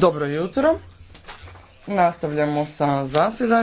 Dobro jutro. Nastavljamo sa zasjedanjem.